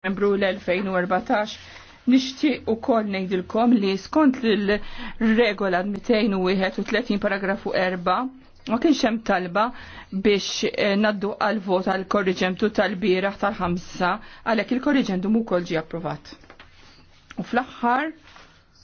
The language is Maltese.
Novembru l-2014 nixtieq ukoll ngħidilkom li skont l-regola 231 paragrafu 4 ma kienx hemm talba biex eh, naddu għal vot għal korriġentu tal-bieraħ tal-ħamsa għalhekk il-korriġentum ukoll ġie approvat. U fl-aħħar